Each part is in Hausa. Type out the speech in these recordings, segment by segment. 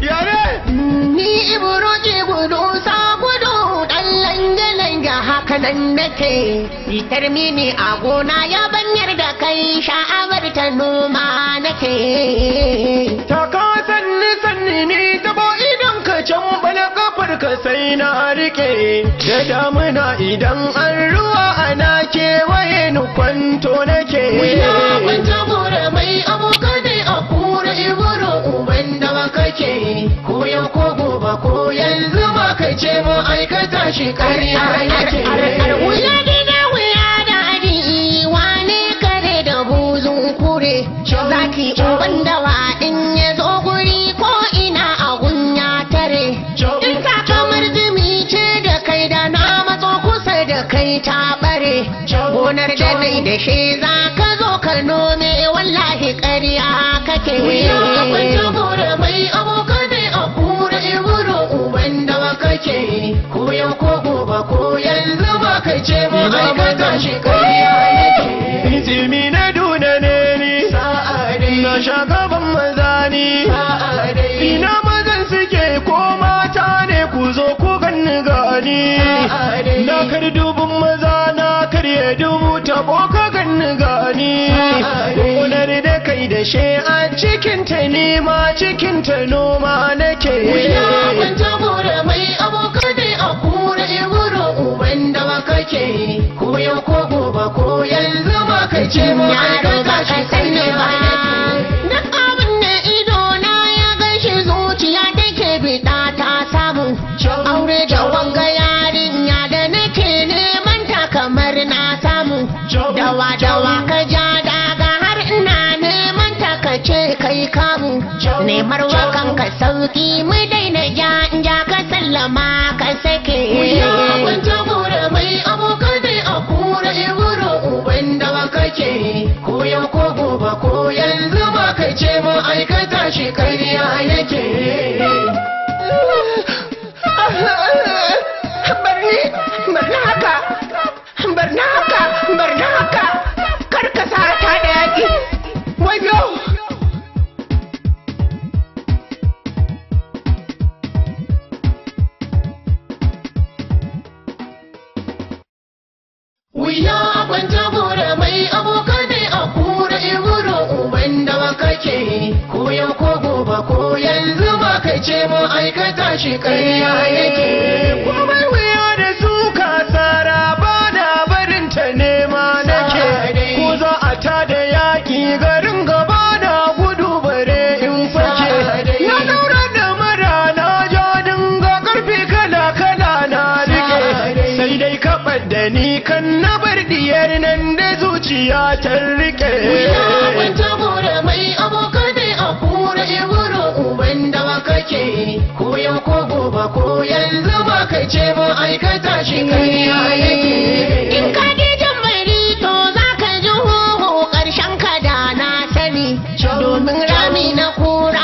yare ni buruji gudu sa gudu langa-langa haka nan nake bitar mini a gona ya banyar da kai sha'awar ta noma nake taka sanni sanni ni tabo idan ka can bala kafar ka sai na rike da damuna idan an ruwa a ake ko yau ko gobe ko yanzu ma kai ce mu aikata shi ƙarya ake yi Zaki uban dawa in ya zo guri ko ina a gunya tare. In ka kamar ce da kai da na matso kusa da kai ta bare. Gonar da mai da shi za ka zo wallahi ƙarya kake. Wuya ce mu aikata shi yake ilimi na duna ne ni na sha gaban maza ni ina mazan suke ko mata ne ku zo ku ganni gani na kar maza na karye dubu tabo ka ganni gani da she a cikinta nema cikinta noma nake. ake yi ko yau ko gobe ko yanzu ba kai ce mu ya doka shi sanne ba duk abin da ido na ya gaishe zuciya take bida ta samu aure da wanga yarinya da nake ne, manta kamar na samu dawa dawa ka ja daga har ina neman ta ka ce kai kamu nemar wakan ka sauki mu daina ja in ja ka sallama ka sake. tashi karniya yake barni barna haka barna haka barna haka karka sara ta We are going to ake yi ko yau ko gobe ko yanzu ba kai ce mu aikata shi ƙarya yake komai wuya da suka tsara ba na barin ta nema nake ko za a ta da yaƙi garin gaba na gudu bare in fake na daura da mara na ja ga karfi kala kala na rike sai dai ka da ni kan na bar diyar nan da zuciya ta rike ce ba aikata shi karya yake in ka je jan to za ka ji huhu karshen ka da na sani domin rami na kura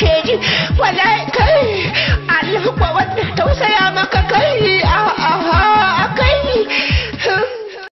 keji wallahi kai Allah kuwa wannan tausaya maka